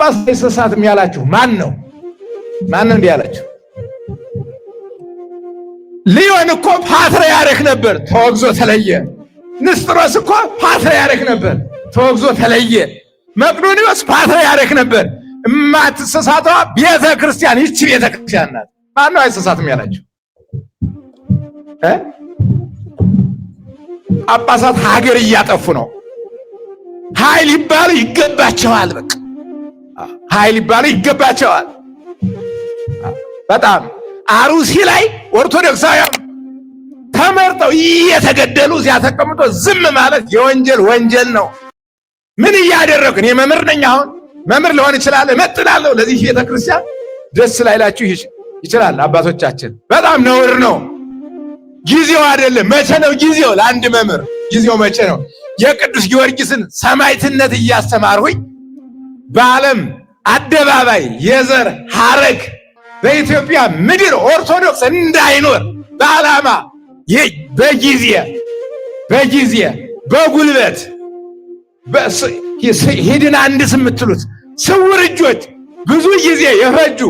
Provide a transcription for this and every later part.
ጳጳስ አይሰሳትም ያላችሁ ማን ነው? ማን እንዲህ ያላችሁ? ሊዮን እኮ ፓትርያርክ ነበር፣ ተወግዞ ተለየ። ንስጥሮስ እኮ ፓትርያርክ ነበር፣ ተወግዞ ተለየ። መቅዶኒዎስ ፓትርያርክ ነበር። እማትሰሳቷ ቤተ ክርስቲያን ይቺ ቤተ ክርስቲያን ናት። ማን ነው አይሰሳትም ያላችሁ? ጳጳሳት ሀገር እያጠፉ ነው። ኃይል ይባል ይገባቸዋል። በቃ ኃይል ይባሉ ይገባቸዋል። በጣም አሩሲ ላይ ኦርቶዶክሳውያን ተመርጠው እየተገደሉ ሲያተቀምጦ ዝም ማለት የወንጀል ወንጀል ነው። ምን እያደረግን? እኔ መምህር ነኝ። አሁን መምህር ልሆን ይችላል፣ እመጥናለሁ ለዚህ ቤተ ክርስቲያን። ደስ ላይላችሁ ይችላል። አባቶቻችን በጣም ነውር ነው። ጊዜው አይደለም። መቼ ነው ጊዜው? ለአንድ መምህር ጊዜው መቼ ነው? የቅዱስ ጊዮርጊስን ሰማይትነት እያስተማርሁኝ በዓለም አደባባይ የዘር ሐረግ በኢትዮጵያ ምድር ኦርቶዶክስ እንዳይኖር በዓላማ በጊዜ በጊዜ በጉልበት ሂድን አንድስ የምትሉት ስውር እጆች ብዙ ጊዜ የፈጁ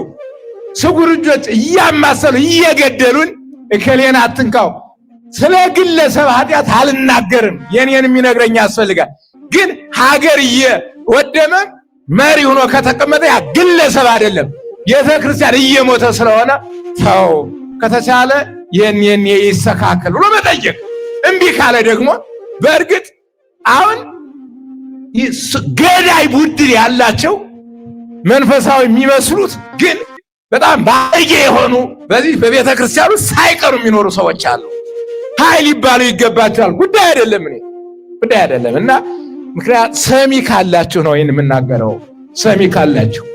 ስውር እጆች እያማሰሉ እየገደሉን እከሌን አትንካው። ስለ ግለሰብ ኃጢአት አልናገርም። የኔን የሚነግረኝ ያስፈልጋል። ግን ሀገር እየወደመም መሪ ሆኖ ከተቀመጠ ያ ግለሰብ አይደለም። ቤተ ክርስቲያን እየሞተ ስለሆነ ተው ከተቻለ የኔ የኔ ይስተካከል ብሎ መጠየቅ። እምቢ ካለ ደግሞ በእርግጥ አሁን ገዳይ ቡድን ያላቸው መንፈሳዊ የሚመስሉት ግን በጣም ባለጌ የሆኑ በዚህ በቤተ ክርስቲያኑ ሳይቀሩ የሚኖሩ ሰዎች አሉ። ኃይል ይባሉ ይገባቸዋል። ጉዳይ አይደለም እኔ ጉዳይ አይደለም እና ምክንያት ሰሚ ካላችሁ ነው ይህን የምናገረው። ሰሚ ካላችሁ